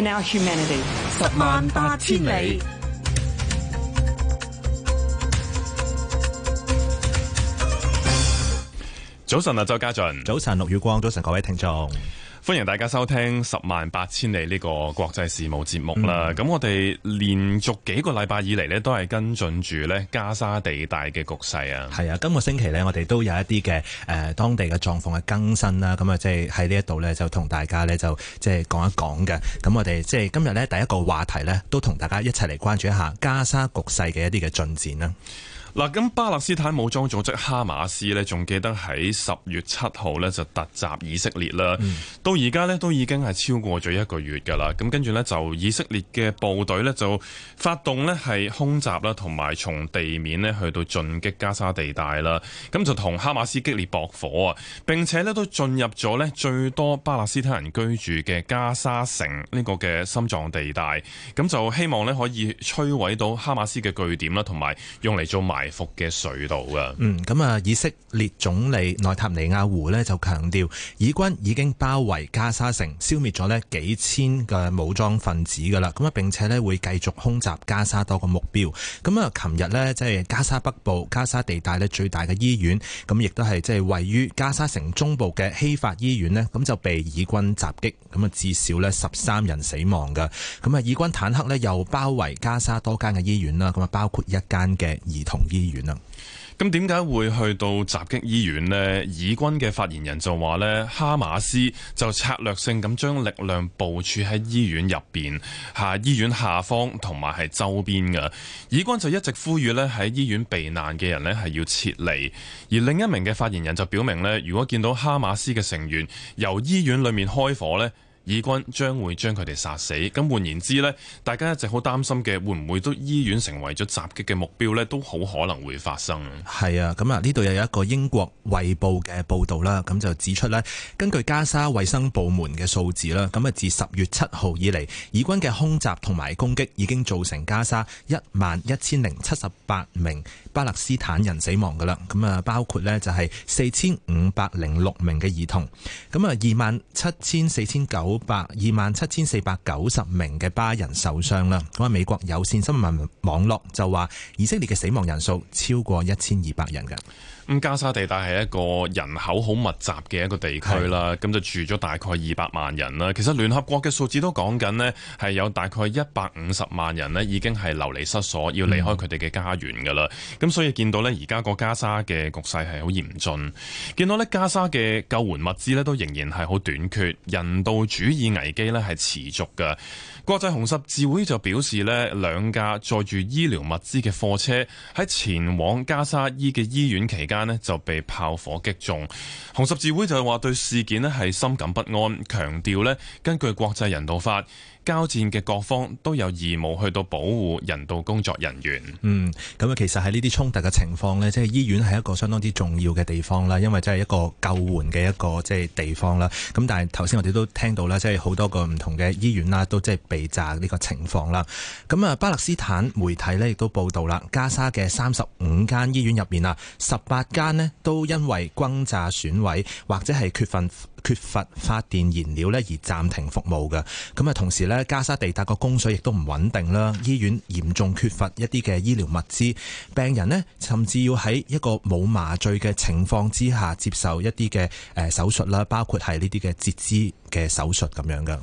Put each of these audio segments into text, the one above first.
In our humanity. 十萬八千里。早晨啊，周家俊。早晨，陸宇光。早晨，各位聽眾。歡迎大家收聽十萬八千里呢個國際事務節目啦！咁、嗯、我哋連續幾個禮拜以嚟呢，都係跟進住呢加沙地帶嘅局勢啊。係啊，今個星期呢，我哋都有一啲嘅誒當地嘅狀況嘅更新啦。咁啊，即係喺呢一度呢，就同大家呢，就即係講一講嘅。咁我哋即係今日呢，第一個話題呢，都同大家一齊嚟關注一下加沙局勢嘅一啲嘅進展啦。嗱，咁巴勒斯坦武裝組織哈馬斯咧，仲記得喺十月七號咧就突襲以色列啦、嗯。到而家咧都已經係超過咗一個月㗎啦。咁跟住咧就以色列嘅部隊咧就發動咧係空襲啦，同埋從地面咧去到進擊加沙地帶啦。咁就同哈馬斯激烈駁火啊！並且咧都進入咗咧最多巴勒斯坦人居住嘅加沙城呢個嘅心臟地帶，咁就希望咧可以摧毀到哈馬斯嘅據點啦，同埋用嚟做埋嘅隧道噶，嗯，咁啊，以色列總理內塔尼亞胡呢就強調，以軍已經包圍加沙城，消滅咗呢幾千嘅武裝分子噶啦，咁啊，並且呢會繼續空襲加沙多個目標。咁啊，琴日呢，即係加沙北部、加沙地帶呢最大嘅醫院，咁亦都係即係位於加沙城中部嘅希法醫院呢，咁就被以軍襲擊，咁啊至少呢十三人死亡噶，咁啊，以軍坦克呢又包圍加沙多間嘅醫院啦，咁啊包括一間嘅兒童醫院。醫院啦，咁點解會去到襲擊醫院呢？以軍嘅發言人就話呢，哈馬斯就策略性咁將力量部署喺醫院入邊、下醫院下方同埋係周邊嘅。以軍就一直呼籲呢，喺醫院避難嘅人呢係要撤離。而另一名嘅發言人就表明呢，如果見到哈馬斯嘅成員由醫院裏面開火呢。以軍將會將佢哋殺死，咁換言之呢，大家一直好擔心嘅，會唔會都醫院成為咗襲擊嘅目標呢？都好可能會發生。係啊，咁啊，呢度又有一個英國衛報嘅報導啦，咁就指出呢，根據加沙衛生部門嘅數字啦，咁啊自十月七號以嚟，以軍嘅空襲同埋攻擊已經造成加沙一萬一千零七十八名巴勒斯坦人死亡噶啦，咁啊包括咧就係四千五百零六名嘅兒童，咁啊二萬七千四千九百二萬七千四百九十名嘅巴人受傷啦。咁係美國有線新聞網絡就話，以色列嘅死亡人數超過一千二百人噶。咁加沙地帶係一個人口好密集嘅一個地區啦，咁就住咗大概二百萬人啦。其實聯合國嘅數字都講緊咧，係有大概一百五十萬人咧已經係流離失所，要離開佢哋嘅家園噶啦。咁、嗯、所以見到咧，而家個加沙嘅局勢係好嚴峻，見到咧加沙嘅救援物資咧都仍然係好短缺，人道主義危機咧係持續噶。國際紅十字會就表示咧，兩架載住醫療物資嘅貨車，喺前往加沙醫嘅醫院期間間咧就被炮火擊中，紅十字會就係話對事件咧係深感不安，強調咧根據國際人道法。交戰嘅各方都有義務去到保護人道工作人員。嗯，咁啊，其實喺呢啲衝突嘅情況咧，即係醫院係一個相當之重要嘅地方啦，因為即係一個救援嘅一個即係地方啦。咁但係頭先我哋都聽到咧，即係好多個唔同嘅醫院啦，都即係被炸呢個情況啦。咁啊，巴勒斯坦媒體咧亦都報道啦，加沙嘅三十五間醫院入面啊，十八間咧都因為轟炸損毀或者係缺乏。缺乏發電燃料咧而暫停服務嘅，咁啊，同時咧加沙地帶個供水亦都唔穩定啦，醫院嚴重缺乏一啲嘅醫療物資，病人呢甚至要喺一個冇麻醉嘅情況之下接受一啲嘅誒手術啦，包括係呢啲嘅截肢嘅手術咁樣嘅。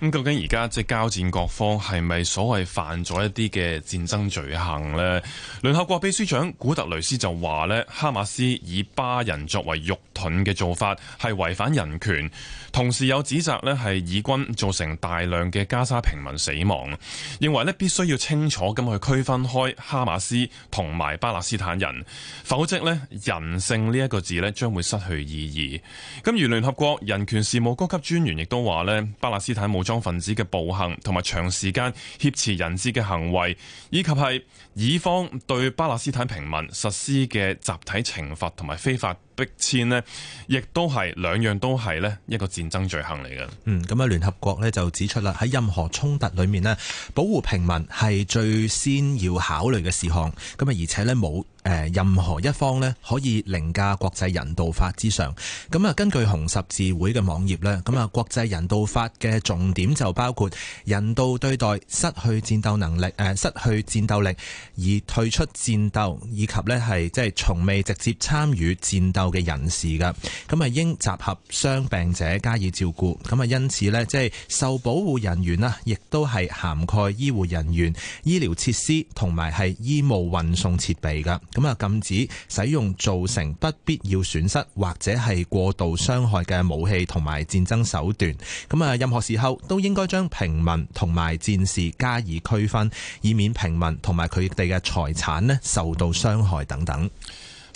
咁究竟而家即交戰各方係咪所謂犯咗一啲嘅戰爭罪行呢？聯合國秘書長古特雷斯就話呢，哈馬斯以巴人作為肉盾嘅做法係違反人權，同時有指責呢係以軍造成大量嘅加沙平民死亡，認為呢必須要清楚咁去區分開哈馬斯同埋巴勒斯坦人，否則呢，人性呢一個字呢將會失去意義。咁而聯合國人權事務高級專員亦都話呢，巴勒斯坦冇。武裝分子嘅暴行，同埋長時間挾持人質嘅行為，以及係以方對巴勒斯坦平民實施嘅集體懲罰同埋非法。逼遷呢，亦都係兩樣都係呢一個戰爭罪行嚟嘅。嗯，咁啊，聯合國呢，就指出啦，喺任何衝突裡面呢，保護平民係最先要考慮嘅事項。咁啊，而且呢，冇誒任何一方呢可以凌駕國際人道法之上。咁啊，根據紅十字會嘅網頁呢，咁啊，國際人道法嘅重點就包括人道對待失去戰鬥能力、誒、呃、失去戰鬥力而退出戰鬥，以及呢係即係從未直接參與戰鬥。嘅人士噶，咁啊，應集合傷病者加以照顧。咁啊，因此呢，即係受保護人員啊，亦都係涵蓋醫護人員、醫療設施同埋係醫務運送設備嘅。咁啊，禁止使用造成不必要損失或者係過度傷害嘅武器同埋戰爭手段。咁啊，任何時候都應該將平民同埋戰士加以區分，以免平民同埋佢哋嘅財產咧受到傷害等等。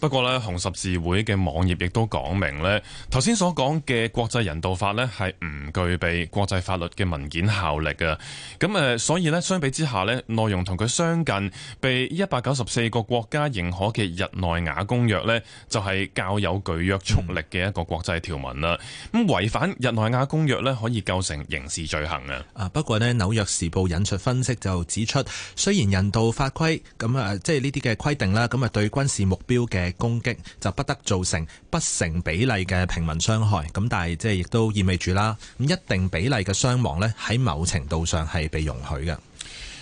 不過呢，紅十字會嘅網頁亦都講明呢，頭先所講嘅國際人道法呢，係唔具備國際法律嘅文件效力嘅。咁啊，所以呢，相比之下呢，內容同佢相近、被一百九十四個國家認可嘅《日內瓦公約》呢，就係較有具約束力嘅一個國際條文啦。咁違反《日內瓦公約》呢，可以構成刑事罪行嘅。啊，不過呢，《紐約時報》引述分析就指出，雖然人道法規咁啊，即係呢啲嘅規定啦，咁啊對軍事目標嘅攻擊就不得造成不成比例嘅平民傷害，咁但係即係亦都意味住啦，一定比例嘅傷亡咧喺某程度上係被容許嘅。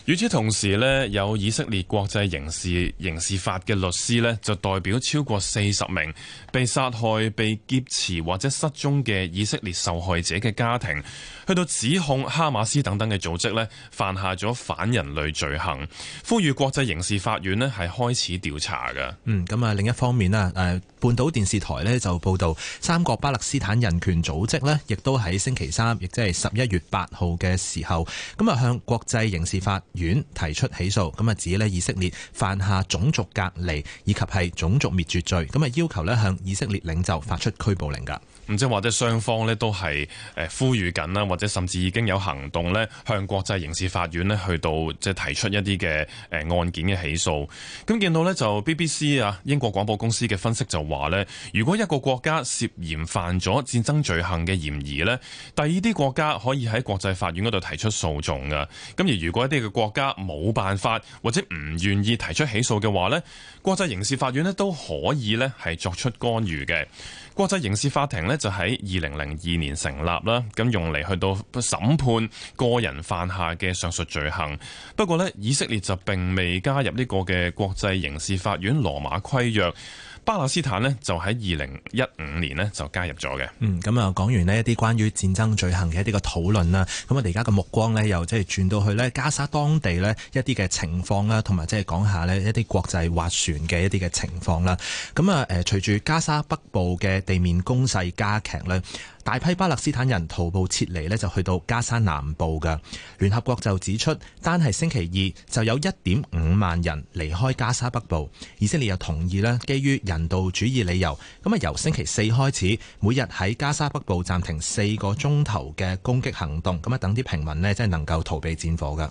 與此同時呢有以色列國際刑事刑事法嘅律師呢就代表超過四十名被殺害、被劫持或者失蹤嘅以色列受害者嘅家庭，去到指控哈馬斯等等嘅組織呢犯下咗反人類罪行，呼籲國際刑事法院呢係開始調查嘅。嗯，咁啊另一方面誒，半島電視台呢就報道，三個巴勒斯坦人權組織呢亦都喺星期三，亦即係十一月八號嘅時候，咁啊向國際刑事法院提出起訴，咁啊指咧，以色列犯下種族隔離以及係種族滅絕罪，咁啊要求咧，向以色列領袖發出拘捕令噶。咁即係或者雙方咧，都係誒呼籲緊啦，或者甚至已經有行動咧，向國際刑事法院咧去到即係提出一啲嘅誒案件嘅起訴。咁見到呢，就 BBC 啊英國廣播公司嘅分析就話呢，如果一個國家涉嫌犯咗戰爭罪行嘅嫌疑呢，第二啲國家可以喺國際法院嗰度提出訴訟噶。咁而如果一啲嘅國國家冇辦法，或者唔願意提出起訴嘅話呢，國際刑事法院呢都可以呢係作出干預嘅。國際刑事法庭呢就喺二零零二年成立啦，咁用嚟去到審判個人犯下嘅上述罪行。不過呢，以色列就並未加入呢個嘅國際刑事法院羅馬規約。巴勒斯坦呢，就喺二零一五年呢，就加入咗嘅。嗯，咁啊，講完呢一啲關於戰爭罪行嘅一啲嘅討論啦，咁我哋而家嘅目光呢，又即係轉到去呢加沙當地呢一啲嘅情況啦，同埋即係講下呢一啲國際斡旋嘅一啲嘅情況啦。咁、嗯、啊，隨住加沙北部嘅地面攻勢加劇呢。大批巴勒斯坦人徒步撤離咧，就去到加沙南部嘅聯合國就指出，單係星期二就有一點五萬人離開加沙北部。以色列又同意咧，基於人道主義理由，咁啊由星期四開始，每日喺加沙北部暫停四個鐘頭嘅攻擊行動，咁啊等啲平民咧即係能夠逃避戰火嘅。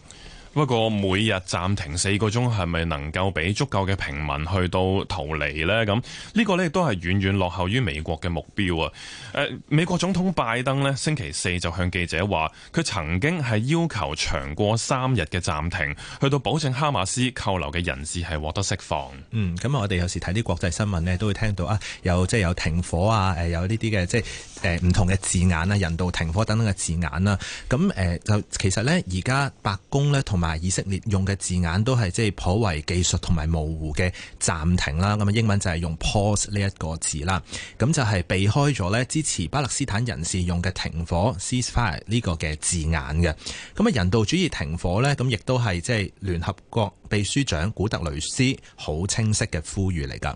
不過每日暫停四個鐘係咪能夠俾足夠嘅平民去到逃離呢？咁呢個呢，亦都係遠遠落後於美國嘅目標啊！誒、呃，美國總統拜登呢，星期四就向記者話，佢曾經係要求長過三日嘅暫停，去到保證哈馬斯扣留嘅人士係獲得釋放。嗯，咁啊，我哋有時睇啲國際新聞呢，都會聽到啊，有即係有停火啊，誒，有呢啲嘅即係誒唔同嘅字眼啊，人道停火等等嘅字眼啦、啊。咁誒、呃，就其實呢，而家白宮呢，同埋。以色列用嘅字眼都係即係頗為技術同埋模糊嘅暫停啦，咁啊，英文就係用 pause 呢一個字啦，咁就係避開咗咧支持巴勒斯坦人士用嘅停火 ceasefire 呢個嘅字眼嘅，咁啊，人道主義停火呢，咁亦都係即係聯合國秘書長古特雷斯好清晰嘅呼籲嚟㗎。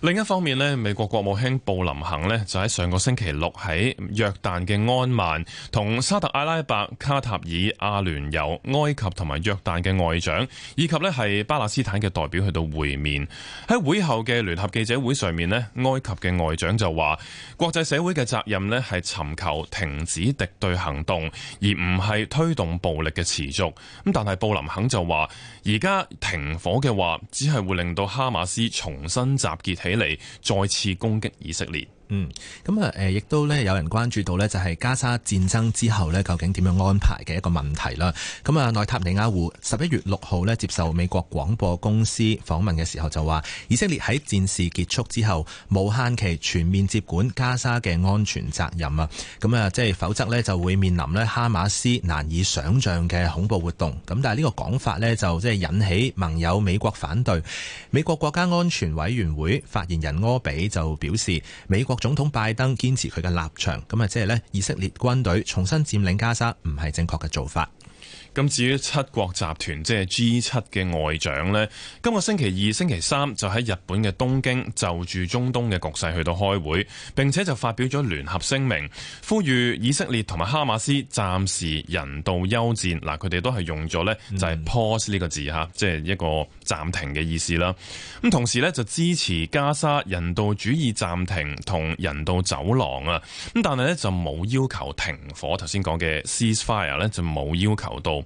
另一方面呢，美國國務卿布林肯呢就喺上個星期六喺約旦嘅安曼同沙特阿拉伯、卡塔爾、阿聯酋、埃及同埋約旦嘅外長，以及呢係巴勒斯坦嘅代表去到會面。喺會後嘅聯合記者會上面呢，埃及嘅外長就話國際社會嘅責任呢係尋求停止敵對行動，而唔係推動暴力嘅持續。咁但係布林肯就話而家停火嘅話，只係會令到哈馬斯重新集結起。起。起嚟再次攻擊以色列。嗯，咁啊，誒，亦都咧有人關注到咧，就係加沙戰爭之後咧，究竟點樣安排嘅一個問題啦。咁啊，內塔尼亞胡十一月六號咧接受美國廣播公司訪問嘅時候就話，以色列喺戰事結束之後無限期全面接管加沙嘅安全責任啊。咁啊，即係否則咧就會面臨咧哈馬斯難以想象嘅恐怖活動。咁但係呢個講法咧就即係引起盟友美國反對。美國國家安全委員會發言人柯比就表示，美國。總統拜登堅持佢嘅立場，咁啊，即係咧，以色列軍隊重新佔領加沙，唔係正確嘅做法。咁至於七國集團即係 G 七嘅外長呢，今個星期二、星期三就喺日本嘅東京就住中東嘅局勢去到開會，並且就發表咗聯合聲明，呼籲以色列同埋哈馬斯暫時人道休戰。嗱，佢哋都係用咗呢，就係 pause 呢個字嚇、嗯，即係一個暫停嘅意思啦。咁同時呢，就支持加沙人道主義暫停同人道走廊啊。咁但係呢，就冇要求停火。頭先講嘅 ceasefire 呢，就冇要求到。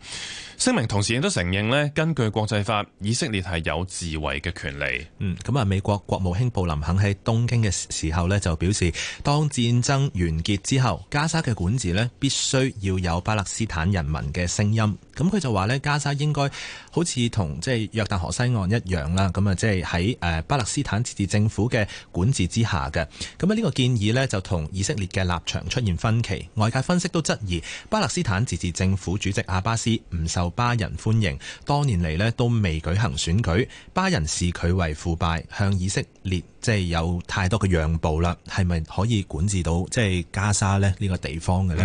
聲明同時亦都承認呢，根據國際法，以色列係有自衛嘅權利。嗯、咁、嗯、啊，美國國務卿布林肯喺東京嘅時候呢，就表示，當戰爭完結之後，加沙嘅管治呢，必須要有巴勒斯坦人民嘅聲音。咁佢就話呢，加沙應該好似同即係約旦河西岸一樣啦，咁啊，即係喺誒巴勒斯坦自治政府嘅管治之下嘅。咁啊，呢個建議呢，就同以色列嘅立場出現分歧。外界分析都質疑巴勒斯坦自治政府主席阿巴斯。唔受巴人歡迎，多年嚟咧都未舉行選舉，巴人視佢為腐敗，向以色列即係有太多嘅讓步啦，係咪可以管治到即係、就是、加沙咧呢個地方嘅呢？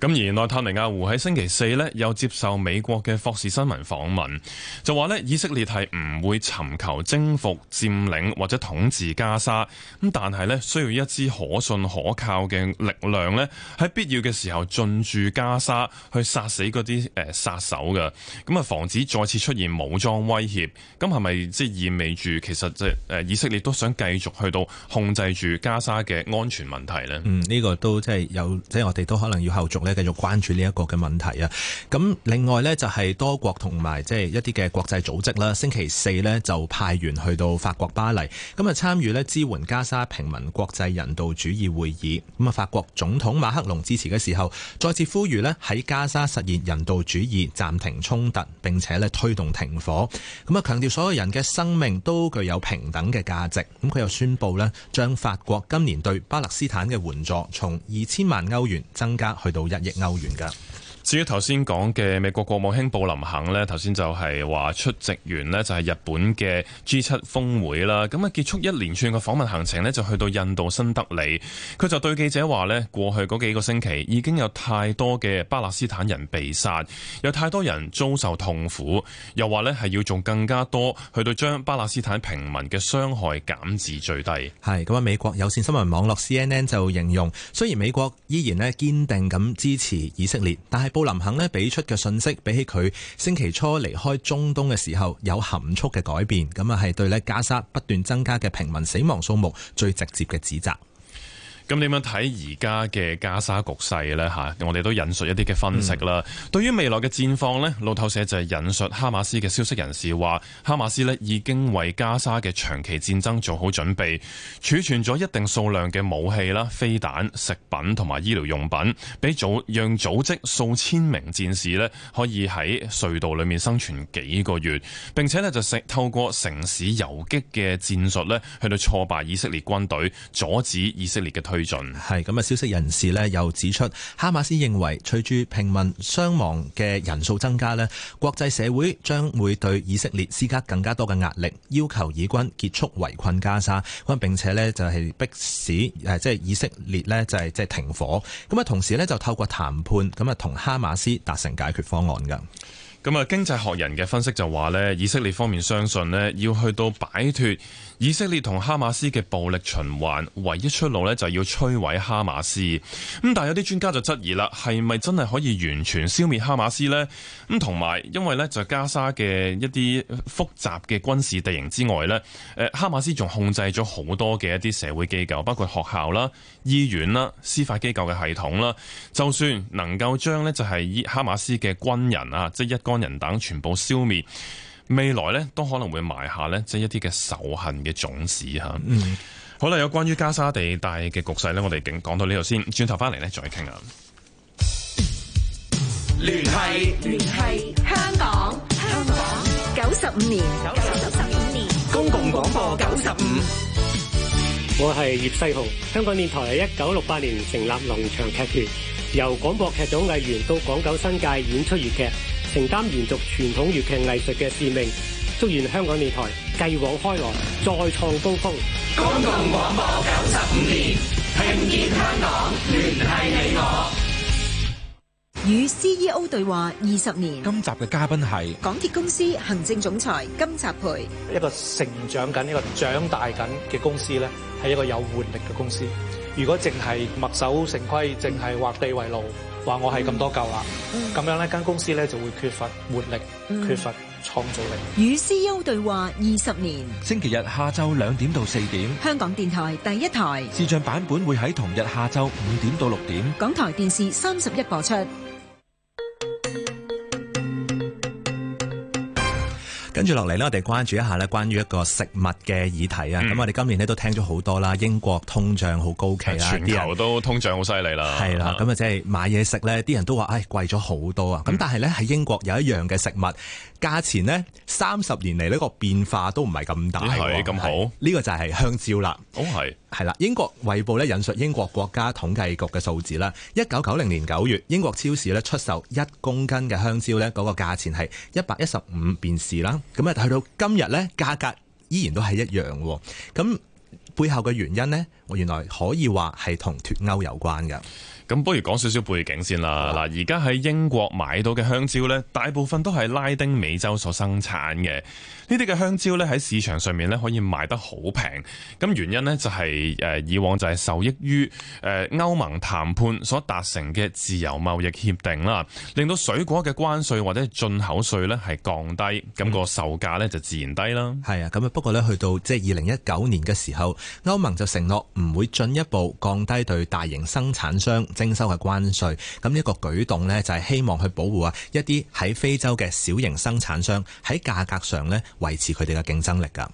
咁、嗯、而內塔尼亞胡喺星期四咧又接受美國嘅霍士新聞訪問，就話咧以色列係唔會尋求征服、佔領或者統治加沙，咁但係呢需要一支可信、可靠嘅力量咧喺必要嘅時候進駐加沙，去殺死嗰啲。啲誒殺手嘅，咁啊，防止再次出現武裝威脅，咁係咪即係意味住其實即係誒以色列都想繼續去到控制住加沙嘅安全問題咧？嗯，呢個都即係有，即係我哋都可能要後續咧繼續關注呢一個嘅問題啊。咁另外咧就係多國同埋即係一啲嘅國際組織啦，星期四咧就派員去到法國巴黎，咁啊參與咧支援加沙平民國際人道主義會議，咁啊法國總統馬克龍支持嘅時候，再次呼籲咧喺加沙實現人道道主義暫停衝突，並且咧推動停火。咁啊，強調所有人嘅生命都具有平等嘅價值。咁佢又宣布咧，將法國今年對巴勒斯坦嘅援助從二千萬歐元增加去到一億歐元噶。至於頭先講嘅美國國務卿布林肯呢頭先就係話出席完呢就係、是、日本嘅 G7 峰會啦，咁啊結束一連串嘅訪問行程呢，就去到印度新德里，佢就對記者話呢過去嗰幾個星期已經有太多嘅巴勒斯坦人被殺，有太多人遭受痛苦，又話呢係要做更加多去到將巴勒斯坦平民嘅傷害減至最低。係咁啊！美國有線新聞網絡 CNN 就形容，雖然美國依然呢堅定咁支持以色列，但係。布林肯咧畀出嘅信息，比起佢星期初離開中東嘅時候有含蓄嘅改變，咁啊係對加沙不斷增加嘅平民死亡數目最直接嘅指責。咁點樣睇而家嘅加沙局勢咧？吓，我哋都引述一啲嘅分析啦，嗯。對於未來嘅戰況咧，路透社就係引述哈馬斯嘅消息人士話，哈馬斯咧已經為加沙嘅長期戰爭做好準備，儲存咗一定數量嘅武器啦、飛彈、食品同埋醫療用品，俾組讓組織數千名戰士咧可以喺隧道裏面生存幾個月，並且咧就透透過城市游擊嘅戰術咧去到挫敗以色列軍隊，阻止以色列嘅退。係咁啊！消息人士呢又指出，哈馬斯認為隨住平民傷亡嘅人數增加呢，國際社會將會對以色列施加更加多嘅壓力，要求以軍結束圍困加沙，咁並且呢就係迫使誒即係以色列呢就係即係停火，咁啊同時呢，就透過談判咁啊同哈馬斯達成解決方案噶。咁啊，經濟學人嘅分析就話咧，以色列方面相信咧，要去到擺脫以色列同哈馬斯嘅暴力循環，唯一出路咧就要摧毀哈馬斯。咁但係有啲專家就質疑啦，係咪真係可以完全消滅哈馬斯咧？咁同埋，因為咧就加沙嘅一啲複雜嘅軍事地形之外咧，誒哈馬斯仲控制咗好多嘅一啲社會機構，包括學校啦、醫院啦、司法機構嘅系統啦。就算能夠將咧就係以哈馬斯嘅軍人啊，即係一個幫人等全部消滅，未來都可能會埋下呢，即一啲嘅仇恨嘅種子吓、嗯。好啦，有關於加沙地帶嘅局勢呢，我哋就講到呢度先，轉頭翻嚟呢再傾啊！聯繫聯繫香港香港九十五年九十五年,九十五年,九十五年,九十五年,九十五年公共廣播九十五，我係葉世雄，香港電台係一九六八年成立農場劇團，由廣播劇組藝員到廣九新界演出粵劇。承擔延續傳統粵劇藝術嘅使命，祝願香港電台繼往開來，再創高峰。公共廣播九十五年，聽見香港，聯繫你我。與 CEO 對話二十年。今集嘅嘉賓係港鐵公司行政總裁金澤培。一個成長緊、一個長大緊嘅公司呢，係一個有活力嘅公司。如果淨係墨守成規，淨係劃地為牢。話我係咁多舊啦，咁、嗯、樣呢間公司咧就會缺乏活力，嗯、缺乏創造力。與 CEO 對話二十年，星期日下晝兩點到四點，香港電台第一台視像版本會喺同日下晝五點到六點，港台電視三十一播出。跟住落嚟咧，我哋關注一下咧關於一個食物嘅議題啊。咁、嗯、我哋今年咧都聽咗好多啦，英國通脹好高企啦，全球都通脹好犀利啦。係啦，咁啊即係買嘢食咧，啲人都話唉貴咗好多啊。咁、嗯、但係咧喺英國有一樣嘅食物。價錢呢三十年嚟呢個變化都唔係咁大，咁好。呢個就係香蕉啦。哦，係係啦，英國《衛報》呢引述英國國家統計局嘅數字啦，一九九零年九月英國超市呢出售一公斤嘅香蕉呢嗰個價錢係一百一十五便士啦，咁啊去到今日呢價格依然都係一樣喎。咁背後嘅原因呢，我原來可以話係同脫歐有關嘅。咁不如講少少背景先啦。嗱，而家喺英國買到嘅香蕉呢,大部分都係拉丁美洲所生產嘅。呢啲嘅香蕉呢，喺市場上面呢，可以賣得好平。咁原因呢，就係誒以往就係受益於誒歐盟談判所達成嘅自由貿易協定啦，令到水果嘅關稅或者進口稅呢係降低，咁個售價呢就自然低啦。係啊，咁啊不過呢，去到即係二零一九年嘅時候，歐盟就承諾唔會進一步降低對大型生產商徵收嘅關稅，咁呢一個舉動呢就係希望去保護啊一啲喺非洲嘅小型生產商喺價格上呢維持佢哋嘅競爭力噶。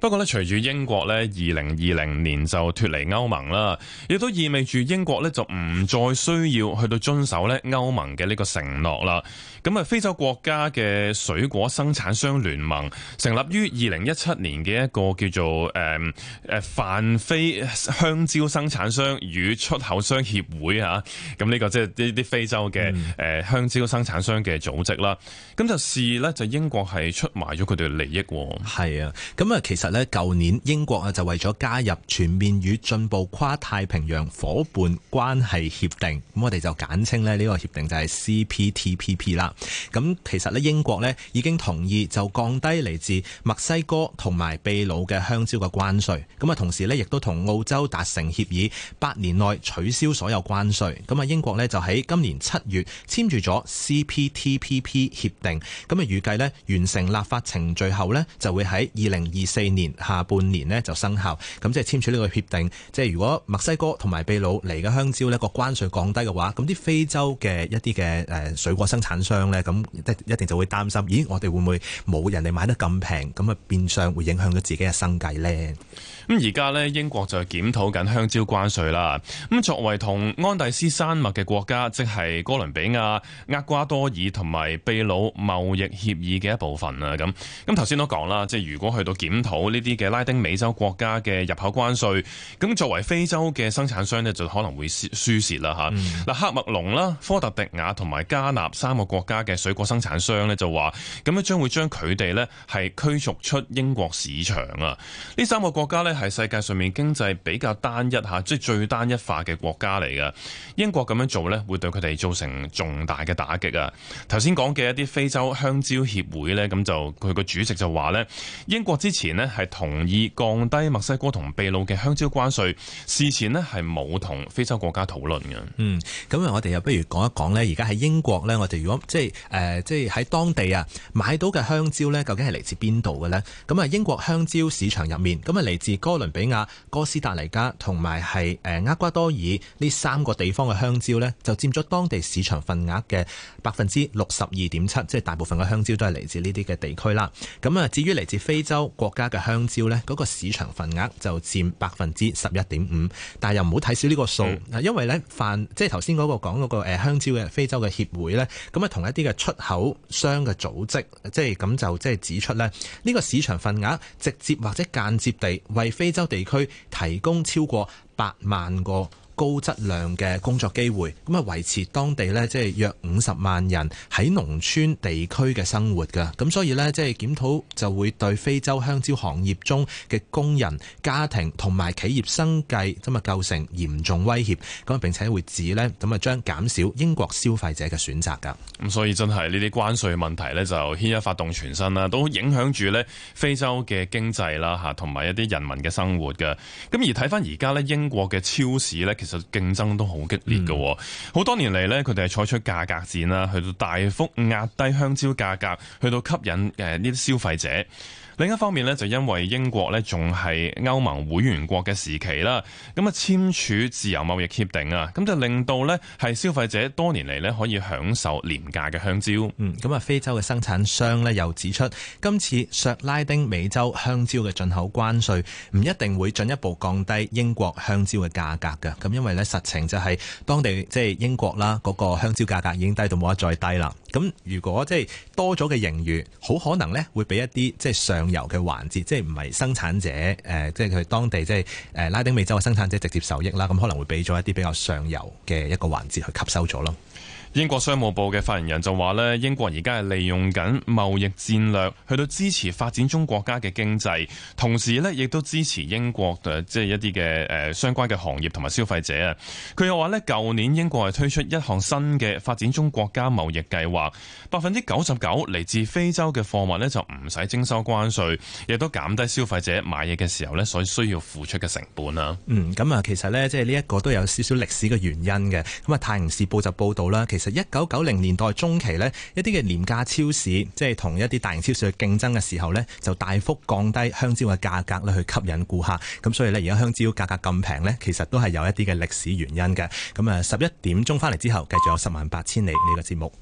不過咧，隨住英國咧，二零二零年就脫離歐盟啦，亦都意味住英國咧就唔再需要去到遵守咧歐盟嘅呢個承諾啦。咁啊，非洲國家嘅水果生產商聯盟成立於二零一七年嘅一個叫做誒誒泛非香蕉生產商與出口商協會啊。咁呢個即係啲非洲嘅誒、嗯、香蕉生產商嘅組織啦。咁就試呢，就英國係出賣咗佢哋利益。係啊，咁啊，其實。咧，舊年英國啊，就為咗加入全面與進步跨太平洋伙伴關係協定，咁我哋就簡稱呢呢個協定就係 CPTPP 啦。咁其實呢英國呢已經同意就降低嚟自墨西哥同埋秘魯嘅香蕉嘅關稅。咁啊，同時呢亦都同澳洲達成協議，八年內取消所有關稅。咁啊，英國呢就喺今年七月簽署咗 CPTPP 協定。咁啊，預計完成立法程序後呢，就會喺二零二四。年下半年呢就生效，咁即係簽署呢個協定。即係如果墨西哥同埋秘魯嚟嘅香蕉呢個關稅降低嘅話，咁啲非洲嘅一啲嘅誒水果生產商呢，咁一定就會擔心，咦我哋會唔會冇人哋買得咁平？咁啊變相會影響咗自己嘅生計呢？」咁而家呢，英國就檢討緊香蕉關稅啦。咁作為同安第斯山脈嘅國家，即係哥倫比亞、厄瓜多爾同埋秘魯貿易協議嘅一部分啊。咁咁頭先都講啦，即係如果去到檢討，呢啲嘅拉丁美洲國家嘅入口關稅，咁作為非洲嘅生產商咧，就可能會會輸蝕啦吓。嗱、嗯，喀麥隆啦、科特迪瓦同埋加納三個國家嘅水果生產商咧，就話，咁樣將會將佢哋咧係驅逐出英國市場啊！呢三個國家咧係世界上面經濟比較單一吓，即係最單一化嘅國家嚟嘅。英國咁樣做咧，會對佢哋造成重大嘅打擊啊！頭先講嘅一啲非洲香蕉協會咧，咁就佢個主席就話咧，英國之前咧。係同意降低墨西哥同秘魯嘅香蕉關稅，事前呢，係冇同非洲國家討論嘅。嗯，咁啊，我哋又不如講一講呢。而家喺英國呢，我哋如果即係誒，即係喺、呃、當地啊買到嘅香蕉呢，究竟係嚟自邊度嘅呢？咁啊，英國香蕉市場入面，咁啊嚟自哥倫比亞、哥斯達黎加同埋係誒厄瓜多爾呢三個地方嘅香蕉呢，就佔咗當地市場份額嘅百分之六十二點七，即係大部分嘅香蕉都係嚟自呢啲嘅地區啦。咁啊，至於嚟自非洲國家嘅，香蕉呢嗰個市場份額就佔百分之十一點五，但係又唔好睇少呢個數，因為呢，泛即係頭先嗰個講嗰個香蕉嘅非洲嘅協會呢，咁啊同一啲嘅出口商嘅組織，即係咁就即係指出呢，呢個市場份額直接或者間接地為非洲地區提供超過百萬個高質量嘅工作機會，咁啊維持當地咧即係約五十萬人喺農村地區嘅生活噶，咁所以呢，即係檢討就會對非洲香蕉行業中嘅工人家庭同埋企業生計咁啊構成嚴重威脅，咁啊並且會指呢，咁啊將減少英國消費者嘅選擇噶。咁所以真係呢啲關稅問題呢，就牽一發動全身啦，都影響住呢非洲嘅經濟啦嚇，同埋一啲人民嘅生活噶。咁而睇翻而家呢英國嘅超市呢。其實競爭都好激烈嘅，嗯、好多年嚟呢，佢哋係採取價格戰啦，去到大幅壓低香蕉價格，去到吸引誒呢啲消費者。另一方面呢，就因為英國呢仲係歐盟會員國嘅時期啦，咁啊簽署自由貿易協定啊，咁就令到呢係消費者多年嚟呢可以享受廉價嘅香蕉。嗯，咁啊非洲嘅生產商呢又指出，今次削拉丁美洲香蕉嘅進口關稅，唔一定會進一步降低英國香蕉嘅價格㗎。咁因為呢實情就係當地即係英國啦，嗰個香蕉價格已經低到冇得再低啦。咁如果即係多咗嘅盈餘，好可能呢會俾一啲即係上油嘅環節，即係唔係生產者，誒，即係佢當地，即係誒拉丁美洲嘅生產者直接受益啦。咁可能會俾咗一啲比較上游嘅一個環節去吸收咗咯。英國商務部嘅發言人就話呢，英國而家係利用緊貿易戰略去到支持發展中國家嘅經濟，同時呢亦都支持英國誒，即係一啲嘅誒相關嘅行業同埋消費者啊。佢又話呢，舊年英國係推出一項新嘅發展中國家貿易計劃，百分之九十九嚟自非洲嘅貨物呢就唔使徵收關稅，亦都減低消費者買嘢嘅時候呢所需要付出嘅成本啊。嗯，咁啊，其實呢，即係呢一個都有少少歷史嘅原因嘅。咁啊，《泰晤士報》就報道啦，其實其實一九九零年代中期呢，一啲嘅廉價超市，即係同一啲大型超市去競爭嘅時候呢，就大幅降低香蕉嘅價格咧，去吸引顧客。咁所以呢，而家香蕉價格咁平呢，其實都係有一啲嘅歷史原因嘅。咁啊，十一點鐘翻嚟之後，繼續有十萬八千里呢個節目。